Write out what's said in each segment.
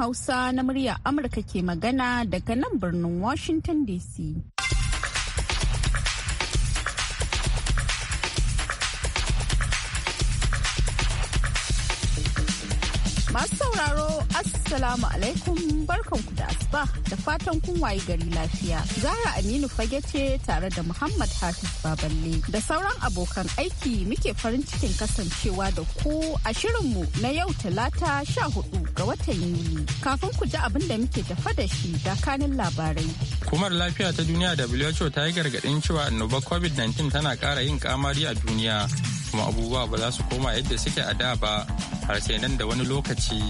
Hausa na murya Amurka ke magana daga nan birnin Washington DC. Masu sauraro Assalamu alaikum barkanku da asuba da fatan kun waye gari lafiya. Zahra Aminu fage ce tare da Muhammad Hafiz Baballe da sauran abokan aiki muke farin cikin kasancewa da ku a shirinmu na yau talata sha hudu ga watan Yuli. Kafin ku ji abin da muke tafa da shi da labarai. kumar lafiya ta duniya da WHO ta yi gargaɗin cewa annobar COVID-19 tana ƙara yin kamari a duniya kuma abubuwa ba za su koma yadda suke a da ba har sai nan da wani lokaci.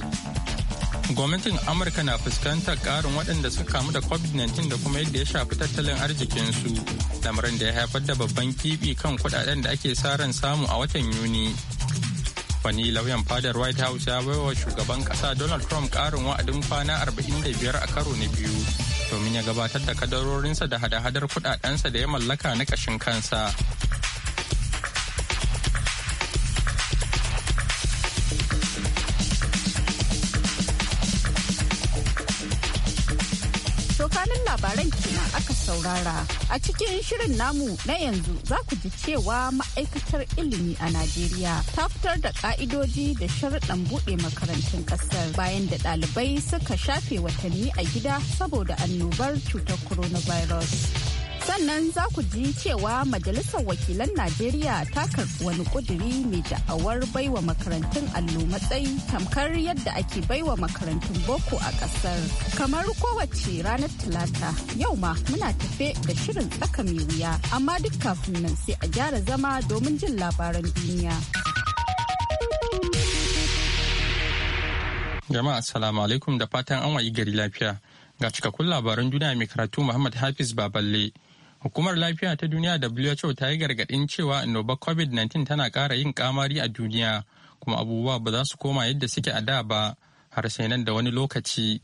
gwamnatin amurka na fuskantar karin waɗanda suka kamu da covid-19 da kuma yadda ya shafi tattalin arzikinsu lamarin da ya haifar da babban kifi kan kuɗaɗen da ake sa ran samu a watan yuni wani lauyan fadar white house ya wa shugaban kasa donald trump karin wa'adin kwana 45 a karo na biyu domin ya gabatar da kadarorinsa da hada-hadar kudadensa da ya mallaka na kashin kansa kanin labaran kenan aka saurara. A cikin shirin namu na yanzu za ku ji cewa ma'aikatar ilimi a Najeriya ta fitar da ka'idoji da sharuɗan buɗe makarantun ƙasar bayan da ɗalibai suka shafe watanni a gida saboda annobar cutar coronavirus. sannan za ku ji cewa majalisar wakilan najeriya ta karɓi wani ƙuduri mai da'awar baiwa makarantun allo matsayi tamkar yadda ake baiwa makarantun boko a ƙasar kamar kowace ranar talata yau ma muna tafe da shirin tsaka mai wuya amma duk kafin nan sai a gyara zama domin jin labaran duniya jama'a assalamu alaikum da fatan an wayi gari lafiya ga cikakkun labaran duniya mai karatu muhammad hafiz baballe Hukumar Lafiya ta Duniya WHO ta yi gargaɗin cewa annobar COVID-19 tana kara yin kamari a duniya kuma abubuwa ba za su koma yadda suke a da ba har sai nan da wani lokaci.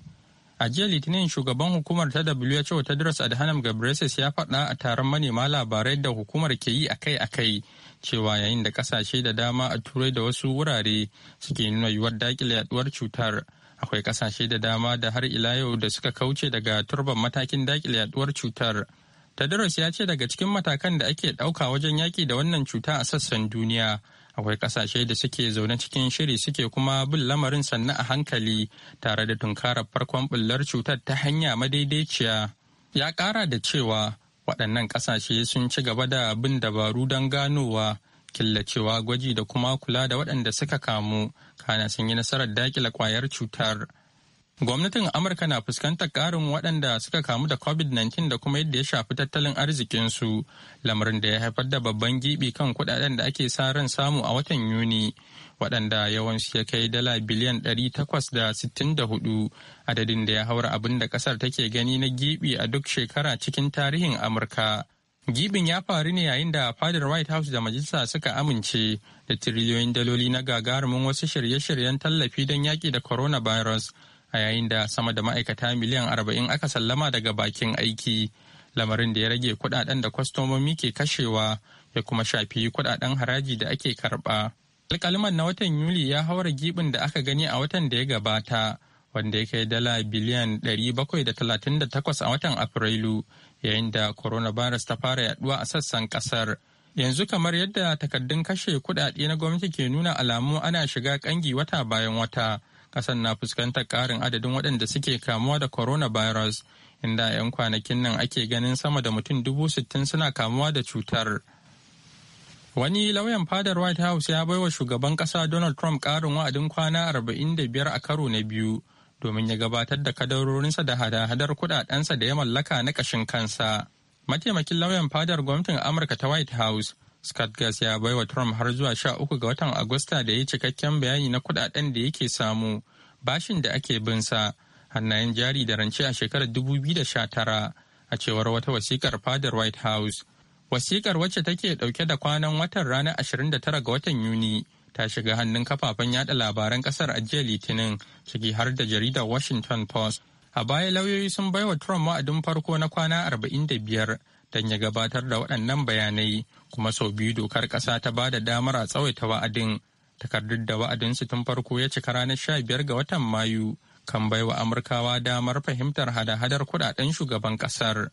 A jiya Litinin shugaban hukumar ta WHO Tedros Adhanom Ghebreyesus ya faɗa a taron manema labarai da hukumar ke yi akai-akai cewa yayin da ƙasashe da dama a turai da wasu wurare suke nuna yiwuwar daƙile yaduwar cutar. Akwai ƙasashe da dama da har ila yau da suka kauce daga turban matakin daƙile yaduwar cutar. Tedros ya ce daga cikin matakan da ake ɗauka wajen yaƙi da wannan cuta a sassan duniya akwai ƙasashe da suke zaune cikin shiri suke kuma bin lamarin sannu a hankali tare da tunkarar farkon bullar cutar ta hanya madaidaiciya. Ya ƙara da cewa waɗannan ƙasashe sun ci gaba da bin dabaru don ganowa killacewa gwaji da kuma kula da waɗanda suka kamu kana sun yi nasarar daƙile ƙwayar cutar. Gwamnatin Amurka na fuskantar ƙarin waɗanda suka kamu da COVID-19 da kuma yadda ya shafi tattalin arzikinsu, lamarin da ya haifar da babban gibi kan kuɗaɗen da ake sa ran samu a watan Yuni, waɗanda yawansu ya kai dala biliyan 864 adadin da ya haura abin da ƙasar take gani na gibi a duk shekara cikin tarihin Amurka. Gibin ya faru ne yayin da fadar White House da majalisa suka amince da tiriliyoyin daloli na gagarumin wasu shirye-shiryen tallafi don yaƙi da coronavirus a yayin da sama da ma'aikata miliyan arba'in aka sallama daga bakin aiki lamarin da ya rage kudaden da kwastomomi ke kashewa ya kuma shafi kudaden haraji da ake karba. alkaliman na watan yuli ya haura gibin da aka gani a watan da ya gabata wanda ya kai dala biliyan takwas a watan afrilu yayin da coronavirus ta fara yaduwa a sassan kasar yanzu kamar yadda takaddun kashe kudade na gwamnati ke nuna alamu ana shiga kangi wata bayan wata kasan na fuskantar ƙarin adadin waɗanda suke kamuwa da coronavirus inda a 'yan kwanakin nan ake ganin sama da mutum dubu sittin suna kamuwa da cutar. Wani lauyan fadar White House ya baiwa shugaban ƙasa Donald Trump ƙarin wa'adin kwana 45 a karo na biyu domin ya gabatar da kadarorinsa da hada-hadar kudadensa da ya mallaka na ƙashin kansa. Mataimakin lauyan fadar gwamnatin Amurka ta White House Scott Gas ya baiwa Trump har zuwa sha uku ga watan Agusta da ya yi cikakken bayani na kudaden da yake samu bashin da ake bin sa hannayen jari da rance a shekarar 2019 a cewar wata wasikar fadar White House. Wasikar wacce take dauke da kwanan watan ranar 29 ga watan Yuni ta shiga hannun kafafen yada labaran kasar a Litinin ciki har da jaridar Washington Post. A baya lauyoyi sun baiwa Trump wa'adin farko na kwana 45 don ya gabatar da waɗannan bayanai kuma sau biyu dokar ƙasa ta ba da damar a tsawaita wa'adin takardun da wa'adinsu tun farko ya cika ranar sha biyar ga watan mayu kan baiwa amurkawa damar fahimtar hada-hadar kudaden shugaban ƙasar.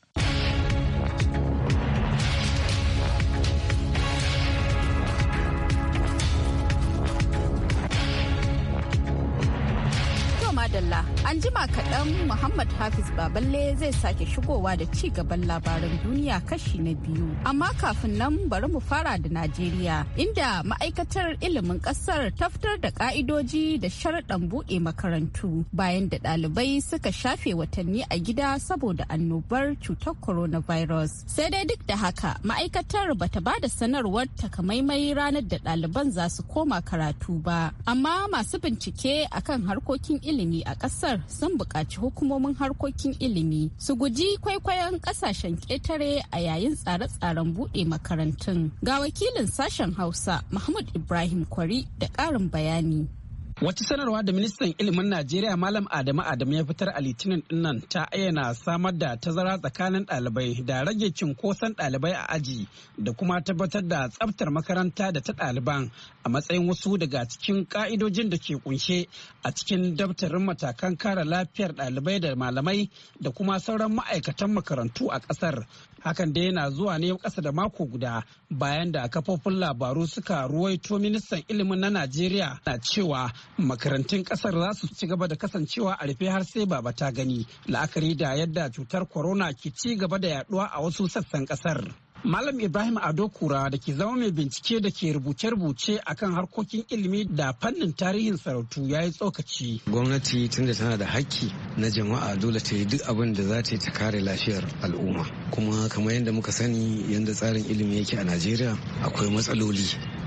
An jima kaɗan Muhammad Hafiz Baballe zai sake shigowa da ci gaban labaran duniya kashi na biyu. Amma kafin nan bari mu fara da Najeriya, inda ma'aikatar ilimin ƙasar ta da ƙa'idoji da sharaɗan buɗe makarantu bayan da ɗalibai suka shafe watanni a gida saboda annobar cutar coronavirus. Sai dai duk da haka ma'aikatar bata ba da sanarwar takamaimai ranar da ɗaliban za su koma karatu ba. Amma masu bincike akan harkokin ilimi a ƙasar sun buƙaci hukumomin harkokin ilimi su guji kwaikwayon ƙasashen ƙetare a yayin tsare-tsaren buɗe makarantun. Ga wakilin sashen Hausa Mahmud Ibrahim Kwari da ƙarin bayani. Wata sanarwa da ministan ilimin Najeriya Malam Adamu Adamu ya fitar a litinin dinnan ta ayyana samar da tazara tsakanin ɗalibai da rage cinkoson ɗalibai a aji da kuma tabbatar da tsabtar makaranta da ta ɗaliban a matsayin wasu daga cikin ƙa'idojin da ke kunshe a cikin daftarin matakan kare lafiyar ɗalibai da malamai da kuma sauran ma'aikatan makarantu a ƙasar hakan dai yana zuwa ne kasa da mako guda bayan da kafofin labaru suka ruwaito ministan ilimin na najeriya na cewa makarantun kasar za su ci gaba da kasancewa a rufe har sai baba ta gani la'akari da yadda cutar corona ke ci gaba da yaduwa a wasu sassan kasar. Malam Ibrahim Ado Kura da ke zama mai bincike da ke rubuce-rubuce akan harkokin ilimi da fannin tarihin sarautu ya yi tsokaci. Gwamnati tunda tana da haƙƙi na jama'a dole ta yi duk abin da za ta yi ta kare lafiyar al'umma. Kuma kamar yadda muka sani yadda tsarin ilimi yake a Najeriya akwai matsaloli.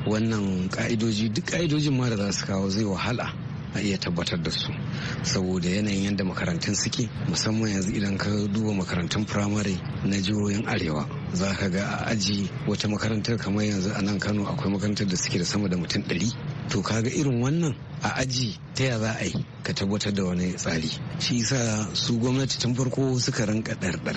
Wannan ka'idoji duk ka'idojin ma da za su kawo zai wahala. a iya tabbatar da su saboda yanayin yadda makarantun suke musamman yanzu idan ka duba makarantun firamare na jihohin arewa za ka ga a aji wata makarantar kamar yanzu a nan kano akwai makarantar da suke da sama da mutum ɗari to ka ga irin wannan a aji ta ya za a yi ka tabbatar da wani tsari shi yasa su gwamnati tun farko suka rinka ɗarɗar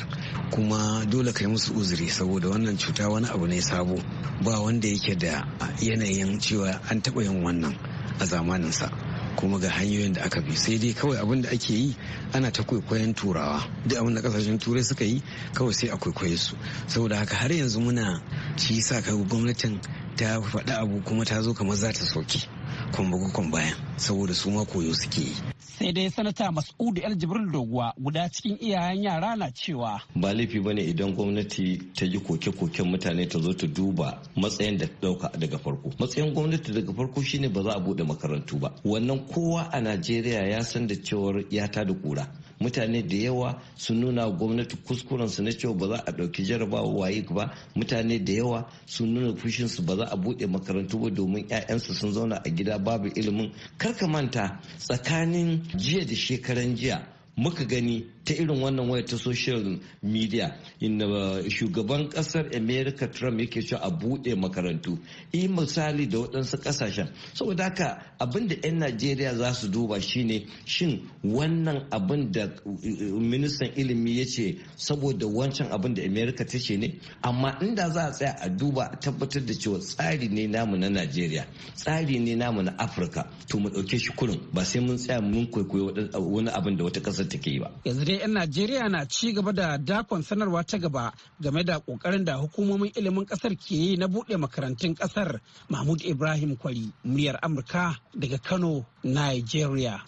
kuma dole ka yi musu uzuri saboda wannan cuta wani abu ne sabo ba wanda yake da yanayin cewa an taɓa yin wannan a zamanin sa. kuma ga hanyoyin da aka bi sai dai kawai abin da ake yi ana ta kwaikwayon turawa duk abin da kasashen turai suka yi kawai sai a kwaikwaye su saboda haka har yanzu muna ci sa ka gwamnatin ta faɗi abu kuma ta zo kamar za ta soke kwambago bayan saboda su ma koyo suke yi sai dai sanata mas'udu yar jibril doguwa guda cikin iyayen yara na cewa ba laifi bane idan gwamnati ta yi koke-koken mutane ta zo ta duba matsayin da dauka daga farko matsayin gwamnati daga farko shine ba za a bude makarantu ba wannan kowa a najeriya ya san da cewar ya ta da kura mutane da yawa sun nuna gwamnati kuskuren su na cewa ba za a ɗauki jarabawa waye ba mutane da yawa sun nuna fushinsu ba za a buɗe makarantu ba domin 'ya'yansu sun zauna a gida babu ilimin karka manta tsakanin jiya da shekaran jiya muka gani ta irin wannan waya ta social media inda eh, shugaban kasar america trump yake cewa a buɗe makarantu yi eh, misali da waɗansu ƙasashen saboda haka abin da 'yan najeriya za su duba shine shin wannan abin da eh, ministan ilimi ya ce saboda wancan abin da america ta ce ne amma inda za a tsaya a duba a tabbatar da cewa tsari ne namu na najeriya tsari ne namu na afirka to mu ɗauke shi kurin ba sai mun tsaya mun kwaikwayo wani abin da wata ƙasar take yi ba yanzu dai 'yan Najeriya na ci gaba da dakon sanarwa ta gaba game da kokarin da hukumomin ilimin kasar ke yi na buɗe makarantun kasar Mahmud Ibrahim Kwari, muryar Amurka daga Kano, Nigeria.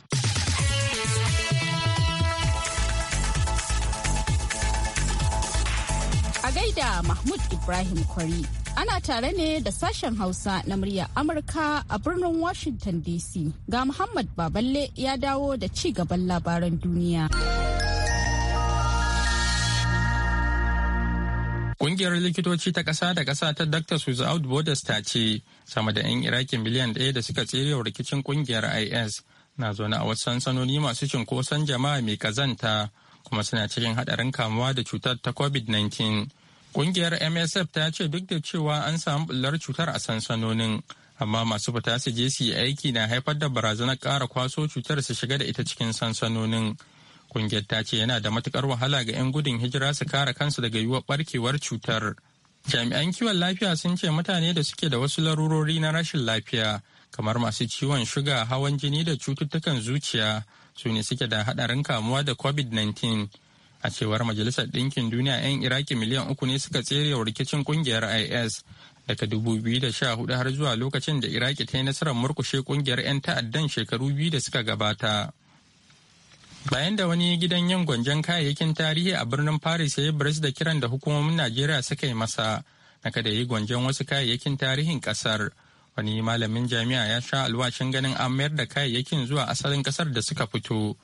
A gaida Mahmud Ibrahim Kwari, ana tare ne da sashen Hausa na muryar Amurka a birnin Washington DC. Ga Muhammad Baballe ya dawo da ci gaban labaran duniya. Kungiyar likitoci ta ƙasa da ƙasa ta Dr. Without Borders ta ce sama da 'yan Iraki miliyan ɗaya da suka tsere rikicin kungiyar IS na zaune a wasu sansanoni masu cinkoson jama'a mai kazanta kuma suna cikin haɗarin kamuwa da cutar ta COVID-19. Kungiyar MSF ta ce duk da cewa an samu bullar cutar a sansanonin, amma masu fita su je su yi aiki na haifar da barazanar ƙara kwaso cutar su shiga da ita cikin sansanonin. Kungiyar ta ce yana da matukar wahala ga 'yan gudun hijira su kare kansu daga yiwuwar barkewar cutar. Jami'an kiwon lafiya sun ce mutane da suke da wasu larurori na rashin lafiya kamar masu ciwon shuga, hawan jini da cututtukan zuciya su ne suke da hadarin kamuwa da COVID-19. A cewar Majalisar Ɗinkin Duniya 'yan Iraki miliyan uku ne suka tsere wa rikicin kungiyar IS daga dubu biyu da sha hudu har zuwa lokacin da Iraki ta yi nasarar murkushe kungiyar 'yan ta'addan shekaru biyu da suka gabata. bayan da wani gidan yin gwanjan kayayyakin tarihi a birnin paris ya yi bris da kiran da hukumomin najeriya suka yi masa na kada yi gwanjan wasu kayayyakin tarihin kasar wani malamin jami'a ya sha alwashin ganin an mayar da kayayyakin zuwa asalin kasar da suka fito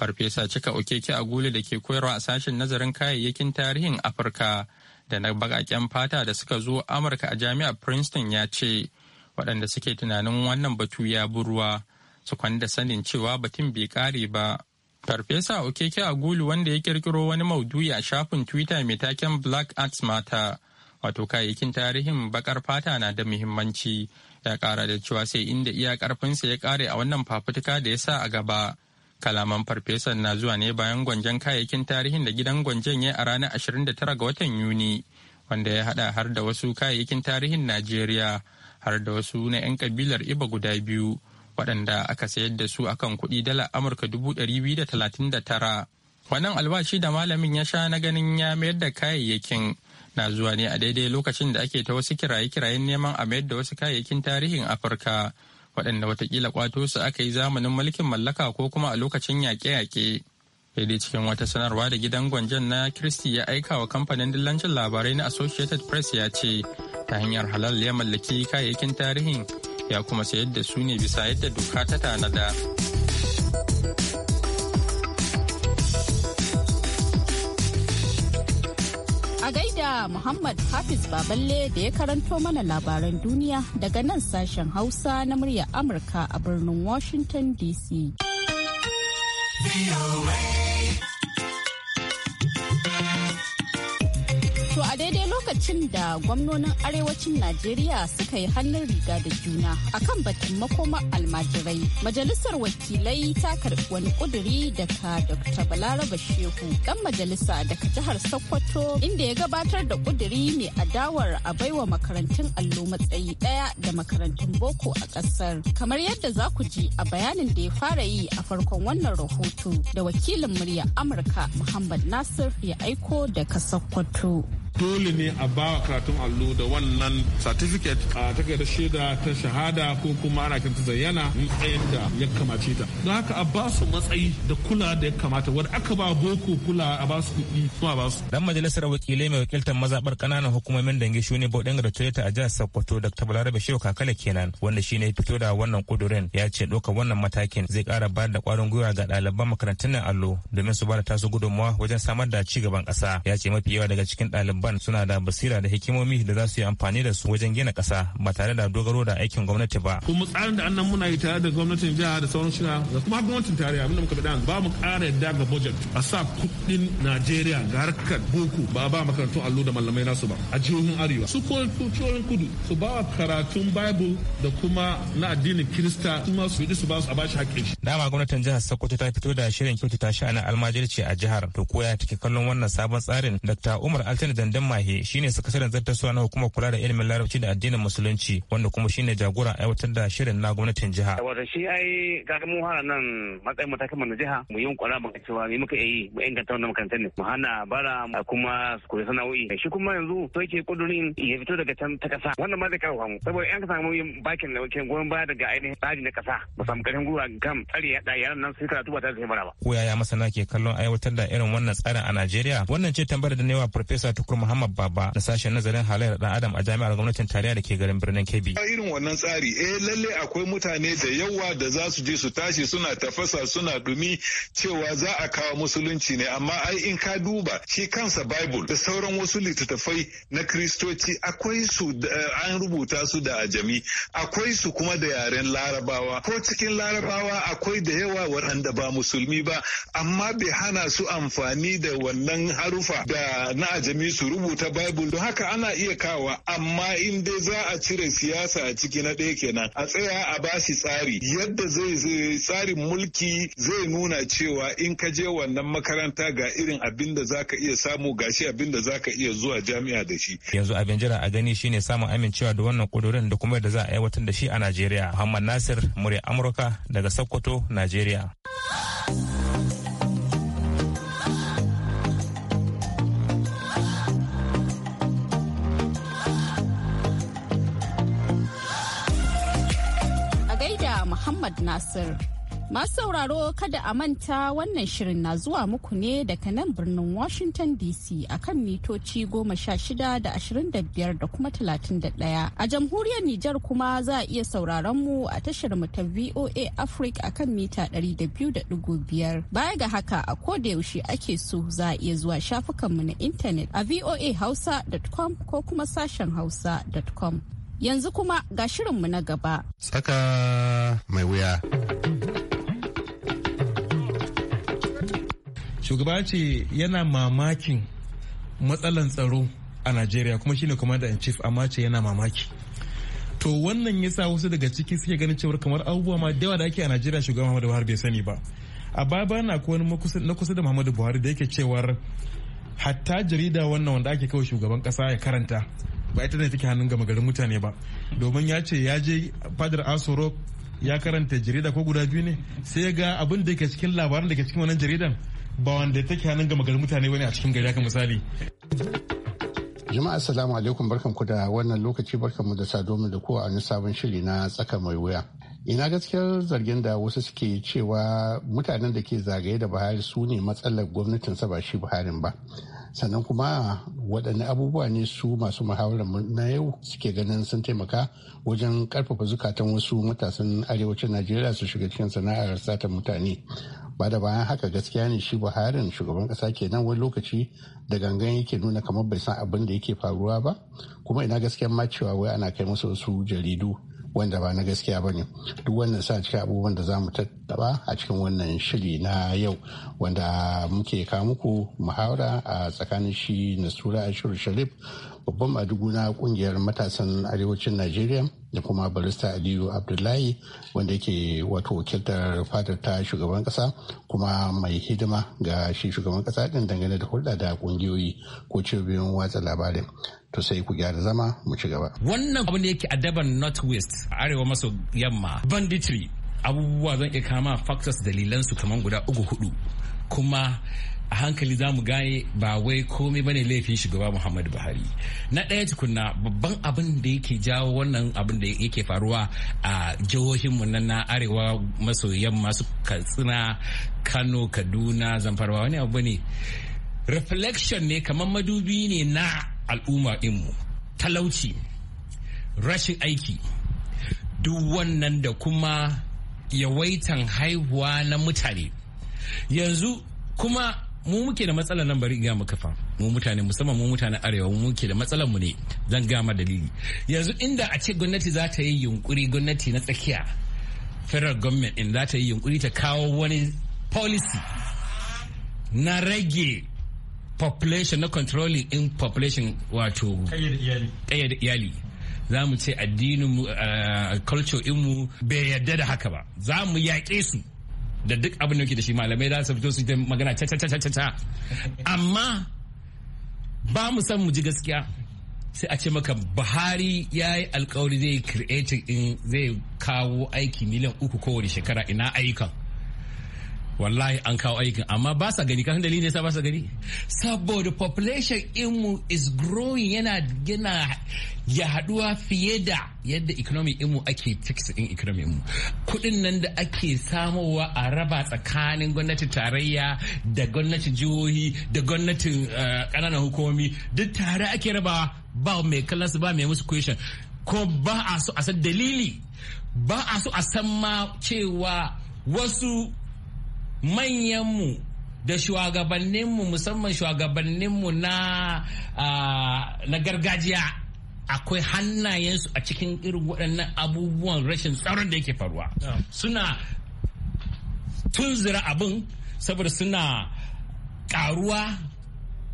farfesa cika okeke a agulu da ke koyarwa a sashen nazarin kayayyakin tarihin afirka da na bakaken fata da suka zo amurka a jami'ar princeton ya ce waɗanda suke tunanin wannan batu ya burwa su kwanda sanin cewa batun bai kare ba Farfesa Okeke Agulu wanda ya kirkiro wani maudu'i a shafin Twitter mai taken Black Arts Matter, wato kayayyakin tarihin bakar fata na da muhimmanci, ya kara da cewa sai inda iya karfinsa ya kare a wannan fafutuka da ya sa a gaba. Kalaman farfesan na zuwa ne bayan gwanjen kayayyakin tarihin da gidan gwanjen ya yi a ranar 29 ga watan Yuni, wanda ya hada har da wasu kayayyakin tarihin Najeriya, har da wasu na 'yan kabilar Iba guda biyu. waɗanda aka sayar da su akan kuɗi dala amurka dubu ɗari biyu da talatin da tara wannan albashi da malamin ya sha na ganin ya mayar da kayayyakin na zuwa ne a daidai lokacin da ake ta wasu kiraye-kirayen neman a mayar da wasu kayayyakin tarihin afirka waɗanda watakila kwato su aka yi zamanin mulkin mallaka ko kuma a lokacin yaƙe-yaƙe daidai cikin wata sanarwa da gidan gwanjan na kristi ya aika wa kamfanin dillancin labarai na associated press ya ce ta hanyar halal ya mallaki kayayyakin tarihin ya kuma sayar da su ne bisa yadda doka ta tanada. A gaida Muhammad Hafiz Baballe da ya karanto mana labaran duniya daga nan sashen Hausa na muryar Amurka a birnin Washington DC. lokacin da gwamnonin arewacin Najeriya suka yi hannun riga da juna akan batun makoma almajirai. Majalisar wakilai ta karɓi wani ƙuduri daga Dr. Balaraba Shehu, ɗan majalisa daga jihar Sokoto, inda ya gabatar da ƙuduri mai adawar a baiwa makarantun allo matsayi ɗaya da makarantun boko a ƙasar. Kamar yadda za ku ji a bayanin da ya fara yi a farkon wannan rahoto da wakilin murya Amurka Muhammad Nasir ya aiko daga Sokoto. dole ne a ba wa karatun allo da wannan certificate a da shaida ta shahada ko kuma ana kiranta zayyana in tsayin da ya kamace ta don haka a ba su matsayi da kula da ya kamata wanda aka ba boko kula a ba su kuɗi kuma ba su dan majalisar wakilai mai wakiltar mazabar kananan hukumomin dange shune bodin da toyota a jihar sokoto dr balarabe shehu kakale kenan wanda shine ya fito da wannan kudurin ya ce doka wannan matakin zai ƙara bayar da ƙwarin gwiwa ga ɗaliban makarantun allo domin su ba da tasu gudunmawa wajen samar da ci gaban ƙasa ya ce mafi yawa daga cikin ɗaliban ɗaliban suna da basira da hikimomi da za su yi amfani da su wajen gina kasa ba tare da dogaro da aikin gwamnati ba. Kuma tsarin da annan muna yi tare da gwamnatin jiha da sauran shiga da kuma gwamnatin tarayya abinda muka faɗa ba mu ƙara yadda ga budget a sa kuɗin Najeriya ga harkar boko ba ba makarantun allo da malamai nasu ba a jihohin arewa su ko kudu su ba karatun bible da kuma na addinin kirista su ma su yi su ba su a bashi haƙƙin Dama gwamnatin jihar Sokoto ta fito da shirin kyautata sha'anin almajirci a jihar to koya take kallon wannan sabon tsarin Dr. Umar Altani Dandan Mahe shine sakataren zartaswa na hukumar kula da ilimin larabci da addinin musulunci wanda kuma shine jagora aiwatar da shirin na gwamnatin jiha. Wato shi ai kaga mu hana nan matsayin mu mana na jiha mu yi kwara mu cewa me muka yi mu inganta wannan makarantar ne mu hana bara kuma su koyi sana'o'i shi kuma yanzu to yake kudurin ya fito daga can ta kasa wannan ma zai kawo mu saboda yan kasa mu yin bakin da wakilan goyon baya daga ainihin tsari na kasa mu samu karin gura kan tsari ya da yaran nan su karatu ba tare da sai bara ba. Ko yaya masana ke kallon aiwatar da irin wannan tsarin a Najeriya wannan ce tambayar da newa Farfesa Tukur Muhammad Baba na sashen nazarin halayyar dan Adam a jami'ar gwamnatin tarayya da ke garin birnin Kebbi. Irin wannan tsari eh lalle akwai mutane da yawa da za su je su tashi suna tafasa suna dumi cewa za a kawo musulunci ne amma ai in ka duba shi kansa Bible da sauran wasu littattafai na Kiristoci akwai su eh, an rubuta su da ajami akwai su kuma da yaren Larabawa ko cikin Larabawa akwai da yawa waɗanda ba musulmi ba amma bai hana su amfani da wannan harufa da na ajami su rubuta bible don haka ana iya kawa amma in dai za a cire siyasa a ciki na ɗaya kenan a tsaya a bashi tsari yadda zai tsarin mulki zai nuna cewa in ka je wannan makaranta ga irin abin da zaka iya samu ga shi abin da zaka iya zuwa jami'a da shi yanzu abin jira a gani shine samun amincewa da wannan kudurin da kuma yadda za a aiwatar da shi a Najeriya Muhammad Nasir murya Amurka daga Sokoto Najeriya Muhammad Nasir. Masu sauraro kada a manta wannan shirin na zuwa muku ne daga nan birnin Washington DC akan mitoci goma sha shida da ashirin da biyar da kuma talatin da ɗaya. A jamhuriyar Nijar kuma za a iya sauraron mu a tashar mu ta VOA Africa akan mita ɗari da biyu da ɗigo biyar. Baya ga haka a koda yaushe ake so za a iya zuwa shafukanmu na intanet a voahausa.com ko kuma sashen hausa.com. Yanzu kuma ga shirinmu na gaba. Tsaka mai wuya. Shugaba ce yana mamakin matsalan tsaro a Najeriya kuma shine commander in chief amma ce yana mamaki. To wannan ya sa wasu daga ciki suke ganin cewar kamar abubuwa ma da yawa da ake a Najeriya shugaba Muhammadu Buhari bai sani ba. A baba na na kusa da Muhammadu Buhari da yake cewar hatta jarida wannan wanda ake kawo shugaban kasa ya karanta ba ita ne take hannun gama garin mutane ba domin ya ce ya je fadar asoro ya karanta jarida ko guda biyu ne sai ya ga abin da ke cikin labaran da ke cikin wannan jaridan ba wanda take hannun gama garin mutane wani a cikin gari haka misali jama'a assalamu alaikum barkan ku da wannan lokaci barkan mu da saduwa da kowa a sabon shiri na tsaka mai wuya ina gaskiyar zargin da wasu suke cewa mutanen da ke zagaye da buhari su ne matsalar sa ba shi buharin ba sannan kuma waɗanne abubuwa ne su masu muhawarar na yau suke ganin sun taimaka wajen karfafa zukatan wasu matasan arewacin najeriya su shiga cikin sana'ar sata mutane ba da bayan haka gaskiya ne shi buharin shugaban ƙasa kenan wani lokaci da gangan yake nuna kamar bai san abin da yake faruwa ba kuma ina gaskiya ma cewa wai ana kai masa wasu jaridu wanda ba na gaskiya ba ne duk wannan sa cikin abubuwan da za mu tattaba a cikin wannan shiri na yau wanda muke kawo muku muhawara a tsakanin shi nasura ashiru sharif babban maduguna kungiyar matasan arewacin najeriya da kuma barista aliyu abdullahi wanda yake wato wakiltar fadar ta shugaban kasa kuma mai hidima ga shi shugaban kasa din dangane da hulɗa da kungiyoyi ko cibiyoyin watsa labarin to sai ku gyara zama mu ci gaba. Wannan abu ne yake West Northwest arewa maso yamma banditry abubuwa zan iya kama factors dalilan su kaman guda uku hudu kuma a hankali za mu gane ba wai komai ne laifin shugaba Muhammadu Buhari. Na ɗaya tukunna babban abin da yake jawo wannan abin da yake faruwa a jihohin mu na arewa maso yamma su Katsina, Kano, Kaduna, Zamfara wani abu ne. Reflection ne kamar madubi ne na al'umma ɗinmu talauci rashin aiki duk wannan da kuma yawaitan haihuwa na mutane yanzu kuma mu muke da matsalar nan bari ga maka mu mutane musamman mu mutanen arewa mu muke da matsalar mu ne zan gama dalili yanzu inda a ce gwamnati za ta yi yunkuri gwamnati na tsakiya federal government in za ta yi yunkuri ta kawo wani policy na rage population na controlling in population wato kayyade iyali za mu ce addinin mu ah, culture mu. bai yarda da haka ba za mu yaƙe su da duk abin da yake da shi malamai za su fito su ta magana ta amma ba mu san mu ji gaskiya sai a ce maka buhari ya yi alkawari zai creating in zai kawo aiki miliyan uku kowane shekara ina ayyukan wallahi an kawo aikin amma ba sa gani kan dalilin yasa ba sa gani saboda population inmu is growing yana yana ya haduwa fiye da yadda economy inmu ake fix in economy inmu kudin nan da ake samowa a raba tsakanin gwamnatin tarayya da gwamnatin jihohi da gwamnatin kananan eh, hukumomi duk tare ake raba ba mai kallon ba mai musu question ko ba a so a san dalili ba a so a san ma cewa wasu manyanmu da shugabanninmu musamman shugabanninmu na na gargajiya akwai hannayensu a cikin irin waɗannan abubuwan rashin tsaron da yake faruwa suna tunzura abin saboda suna karuwa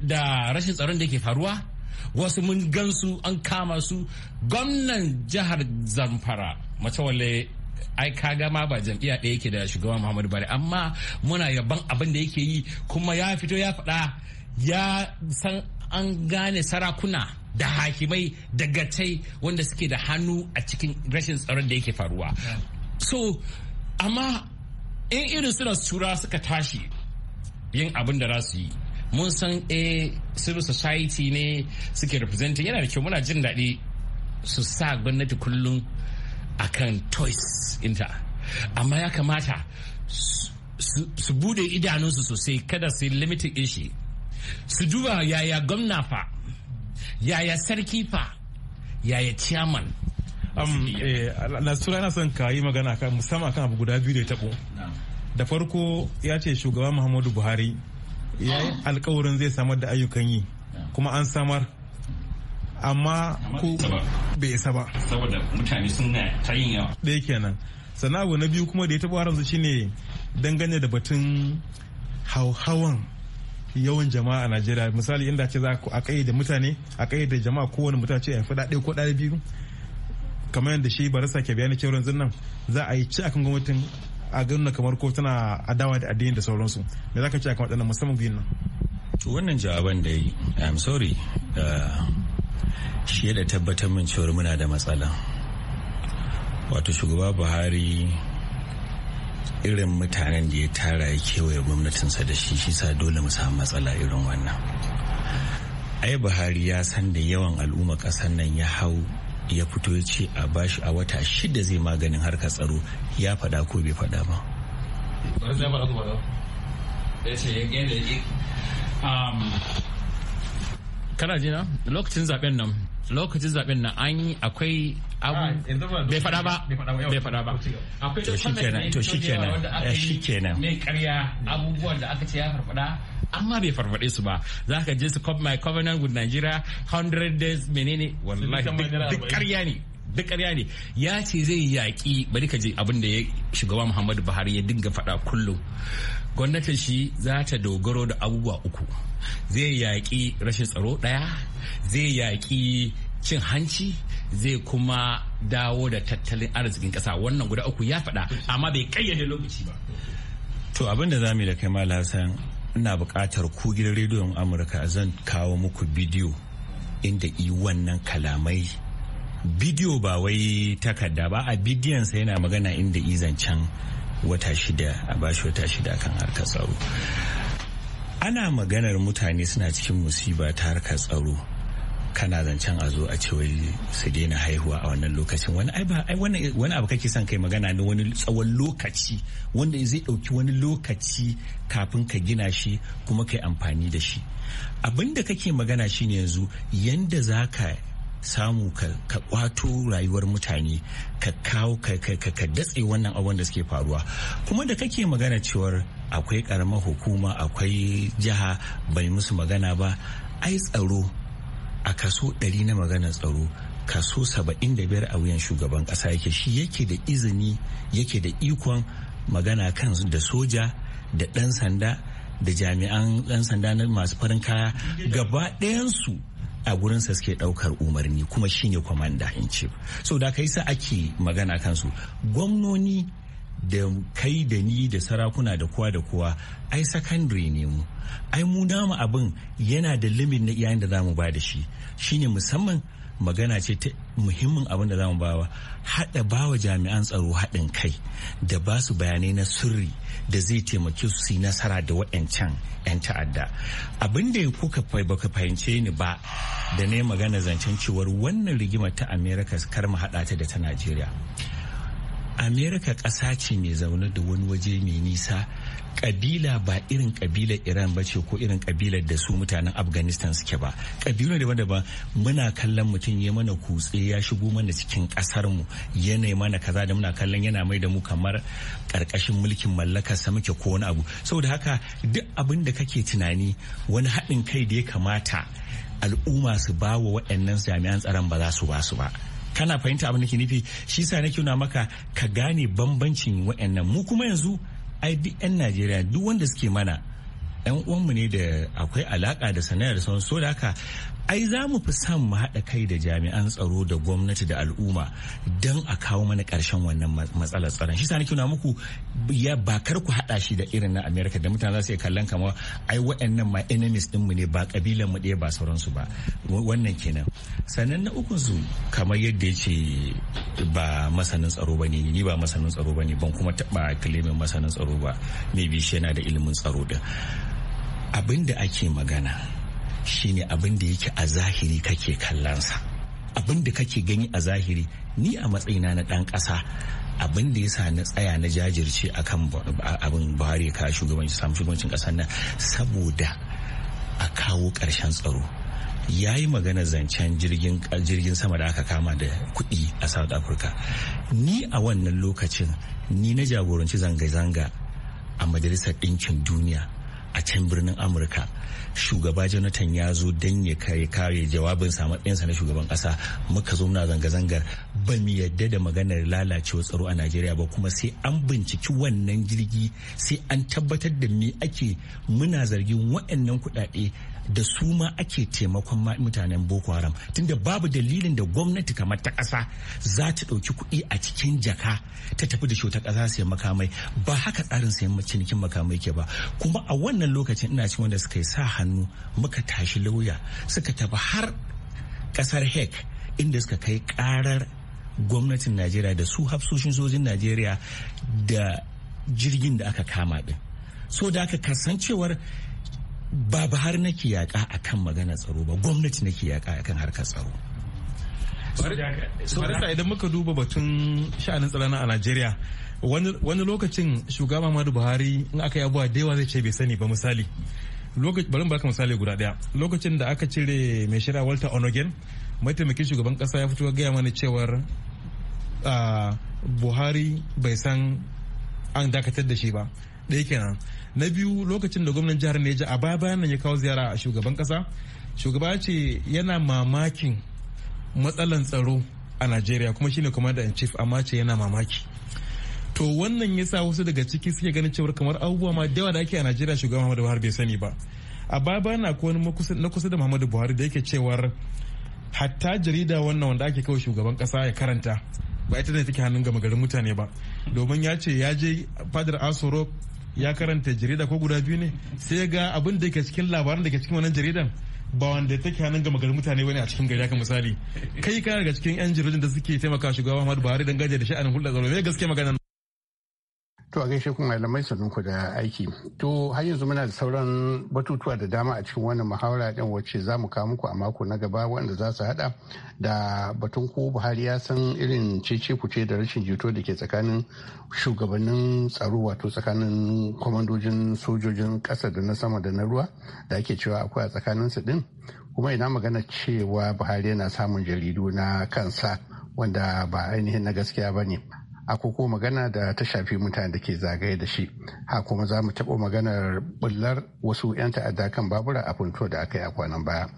da rashin tsaron da ke faruwa wasu mun gansu an kama su gwamnan jihar zamfara matawale ai ka gama ba jam'iyya ɗaya yake da shugaba muhammadu bari amma muna yaban abin da yake yi kuma ya fito ya faɗa ya san an gane sarakuna da hakimai da gatai wanda suke da hannu a cikin rashin tsaron da yake faruwa so amma in irin suna tura suka tashi yin abin da za su yi mun san a eh, civil society ne suke representing yana da kyau muna jin daɗi su sa gwamnati kullum akan toys inta amma ya kamata su bude idanunsu sosai kada su limited ishi su duba yaya gwamna fa yaya sarki fa yaya chairman nasura yana eh, son ka yi magana kan musamman kan abu guda biyu da tabo da farko ya ce shugaba muhammadu buhari ya yi alkawarin zai samar da ayyukan yi kuma an samar amma ko bai isa ba saboda mutane sun ta yin yawa ɗaya kenan sannan abu na biyu kuma da ya taɓa haramsa shine dangane da batun hauhawan yawan jama'a a najeriya misali inda ce za a kai da mutane a kai da jama'a kowane mutum ce ya fada ɗaya ko ɗaya biyu kamar yadda shi barasa ke bayani cewa yanzu nan za a yi ci akan gwamnatin a ganin kamar ko tana adawa da addini da sauransu me za ka ce akan waɗannan musamman biyun nan wannan jawaban da yi i'm sorry uh, shi da tabbatar min cewar muna da matsala wato shugaba buhari irin mutanen da ya tara ya kewaye gwamnatinsa da shi shi sa dole mu samu matsala irin wannan ai buhari ya san da yawan al'umma ƙasar nan ya hau ya fito ya ce a bashi a wata shida zai maganin harkar tsaro ya faɗa ko bai faɗa ba kana ji na lokacin zaben nan lokacin zaben nan an yi akwai abu bai ah, fada ba bai fada ba to shikenan to shikenan eh, shikenan mai ƙarya abubuwan da aka ce ya farfada amma bai farfade su ba za ka je su my covenant with Nigeria 100 days menene wallahi duk ƙarya ne duk ƙarya ne ya ce zai yaƙi bari ka je abin da ya shugaba muhammadu buhari ya dinga faɗa kullum gwamnatin shi za ta dogaro da abubuwa uku zai yaƙi rashin tsaro ɗaya zai yaƙi cin hanci zai kuma dawo da tattalin arzikin ƙasa wannan guda uku ya faɗa amma bai ƙayyade lokaci ba to abin da za mu da kai ma hassan ina buƙatar ku gidan rediyon amurka zan kawo muku bidiyo inda i wannan kalamai bidiyo ba wai takarda ba a bidiyon sa yana magana inda can wata shida a bashi wata shida kan harkar tsaro ana maganar mutane suna cikin musiba ta harkar tsaro kana zancen a zo a ce wai su daina haihuwa a wannan lokacin wani ai wani abu kake son kai magana na wani tsawon lokaci wanda zai dauki wani lokaci kafin ka gina shi kuma kai amfani da shi abinda kake magana shine yanzu yanda za ka samu ka kwato rayuwar mutane ka kawo ka datse wannan abin da suke faruwa kuma da kake magana cewar akwai karamar hukuma akwai jiha bai musu magana ba ai tsaro a kaso 100 na maganar tsaro kaso 75 a wuyan shugaban ƙasa yake shi yake da izini yake da ikon magana kan da soja da ɗan sanda da jami'an ɗan sanda na masu farin kaya gaba ɗayansu a gurin sa suke daukar umarni kuma shine commander in ce so da kai sa ake magana kansu gwamnoni da kai da ni da sarakuna da kowa da kowa ai secondary ne mu ai mu mu abin yana da limit na iyayen da za mu ba da shi shine musamman magana ce ta muhimmin abin da za mu bawa haɗa bawa jami'an tsaro haɗin kai da ba su bayanai na sirri da zai taimaki su su nasara da waɗancan 'yan ta'adda abin da kuka baka fahimce ni ba da ne magana zancen cewar wannan rigima ta america kar mu haɗa ta da ta najeriya america ƙasa ce mai zaune da wani waje mai nisa kabila ba irin kabilar iran ba ce ko irin kabilar da su mutanen afghanistan suke ba kabilu daban daban muna kallon mutum ya mana kutse ya shigo mana cikin kasar mu yanayi mana kaza da muna kallon yana mai da mu kamar karkashin mulkin mallaka sa muke ko wani abu saboda haka duk abin da kake tunani wani haɗin kai da ya kamata al'umma su ba wa waɗannan jami'an tsaron ba za su ba su ba kana fahimta abin da ke nufi shi sa nake nuna maka ka gane bambancin waɗannan mu kuma yanzu ai duk 'yan najeriya duk wanda suke mana yan uwanmu ne da akwai alaka da sana'ar sun so da haka ai za mu fi son mu haɗa kai da jami'an tsaro da gwamnati da al'umma don a kawo mana ƙarshen wannan matsalar tsaron shi sani kuna muku ya bakar ku haɗa shi da irin na amerika da mutane za su iya kallon kamar ai waɗannan ma enemies mu ne ba ƙabilan mu ɗaya ba sauransu ba wannan kenan sannan na ukun su kamar yadda ya ce ba masanin tsaro ba ne ni ba masanin tsaro ba ne ban kuma taɓa kalimin masanin tsaro ba maybe shi yana da ilimin tsaro din abin da ake magana shine abin da yake a zahiri kake kallonsa abin da kake gani a zahiri ni a matsayina na ɗan ƙasa abin da ya sa na tsaya na jajirce a kan abin buhari ka shugabanci samun shugabancin ƙasar nan saboda a kawo karshen tsaro ya yi magana zancen jirgin sama da aka kama da kuɗi a south africa ni a wannan lokacin ni na jagoranci zanga-zanga a majalisar ɗinkin duniya a can birnin amurka shugaba jonathan ya zo don ya kare jawabinsa matsayinsa na shugaban kasa muka zo muna zanga-zangar ba mu yadda da maganar lalacewar tsaro a najeriya ba kuma sai an binciki wannan jirgi sai an tabbatar da me ake muna zargin waɗannan kuɗaɗe da su ma ake taimakon mutanen boko haram tunda babu dalilin da gwamnati kamar ta ƙasa za ta ɗauki kuɗi a cikin jaka ta tafi da shota kasa ƙasa sayan makamai ba haka tsarin sayan cinikin makamai ke ba kuma a wannan lokacin ina cikin wanda suka yi sa hannu muka tashi lauya suka tafi har ƙasar hek inda suka kai ƙarar gwamnatin najeriya da su hafsoshin sojin najeriya da jirgin da aka kama din so da aka kasancewar ba har nake yaƙa a kan magana tsaro ba gwamnati ke yaƙa a kan harkar tsaro Farisa idan muka duba batun sha'anin tsaro a Najeriya wani lokacin shugaba madu Buhari in aka yi abuwa da yawa zai ce bai sani ba misali bari baka misali guda daya lokacin da aka cire mai shari'a Walter Onogen mataimakin shugaban kasa ya fito gaya mana cewar ah, Buhari bai san an dakatar da shi ba ɗaya kenan na biyu lokacin da gwamnan jihar neja a baya bayan nan ya kawo ziyara a shugaban kasa shugaba ce yana mamakin matsalan tsaro a najeriya kuma shine commander in chief amma ce yana mamaki to wannan ya sa wasu daga ciki suke ganin cewar kamar abubuwa ma da yawa da ake a najeriya shugaban muhammadu buhari bai sani ba a baba na na kusa da muhammadu buhari da yake cewar hatta jarida wannan wanda ake kawo shugaban kasa ya karanta ba ita ne take hannun gama garin mutane ba domin ya ce ya je fadar asoro ya karanta jarida ko guda biyu ne sai ga abin da ke cikin labaran da ke cikin wannan jaridan ba wanda take hannun gama garin mutane wani a cikin gari haka misali kai kana daga cikin yan jiragen da suke taimaka shugaba Muhammadu Buhari dan gaje da sha'anin hulɗa tsaro ne gaskiya magana To a gaishe kuma malamai sannan ku da aiki. To har yanzu muna da sauran batutuwa da dama a cikin wannan muhawara din wacce za mu kawo muku a mako na gaba wanda za su hada da batun ko Buhari ya san irin cece kuce da rashin jito da ke tsakanin shugabannin tsaro wato tsakanin kwamandojin sojojin ƙasa da na sama da na ruwa da ake cewa akwai a tsakanin su din. Kuma ina magana cewa Buhari yana samun jaridu na kansa wanda ba ainihin na gaskiya ba ne. kuma magana da ta shafi mutane da ke zagaye da shi ha kuma za mu taɓa maganar bullar wasu 'yan ta'adda kan babura a funto da aka yi a kwanan baya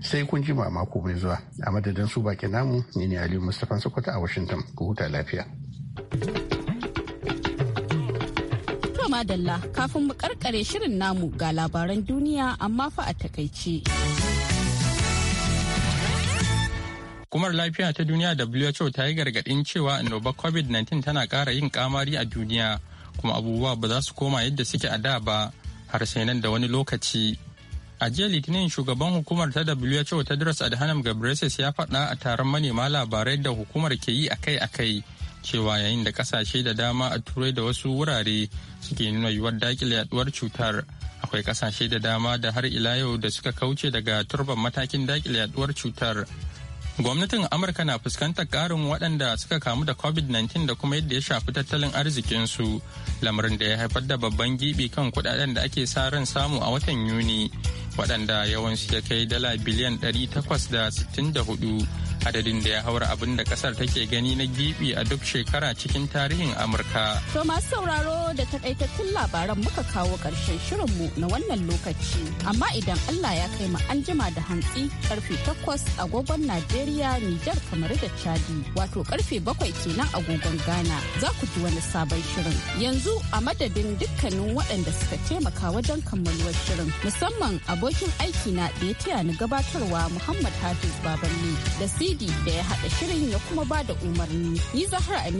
sai kun ji mako mai zuwa a madadin su baki namu ni ne aliyu mustapha sokoto a washington ku huta lafiya madalla kafin mu karkare shirin namu ga labaran duniya amma fa a takaice. Hukumar lafiya ta duniya WHO ta yi gargaɗin cewa annoba COVID-19 tana kara yin kamari a duniya kuma abubuwa ba za su koma yadda suke a da ba har sai nan da wani lokaci. A jiya Litinin shugaban hukumar ta WHO ta Tedros Adhanom Ghebreyesus ya faɗa a taron manema labarai da hukumar ke yi akai-akai cewa yayin da kasashe da dama a turai da wasu wurare suke nuna yiwuwar dakile yaduwar cutar akwai kasashe da dama da har ila yau da suka kauce daga turban matakin dakile yaduwar cutar Gwamnatin Amurka na fuskantar karin waɗanda suka kamu da COVID-19 da kuma yadda ya shafi tattalin arzikinsu, lamarin da ya haifar da babban gibi kan kudaden da ake sa ran samu a watan Yuni, waɗanda yawansu ya kai dala biliyan 864 adadin da ya haura abin da kasar take gani na gibi a duk shekara cikin tarihin amurka to masu sauraro da takaitattun labaran muka kawo karshen shirinmu na wannan lokaci amma idan allah ya kai mu an da hantsi karfe takwas agogon najeriya nijar kamar da chadi wato karfe bakwai kenan agogon ghana za ku ji wani sabon shirin yanzu a madadin dukkanin waɗanda suka taimaka wajen kammaluwar shirin musamman abokin aiki na da ya taya ni gabatarwa muhammad hafiz babanni da si Didi da ya haɗa shirin ya kuma ba da umarni. Ni Zahra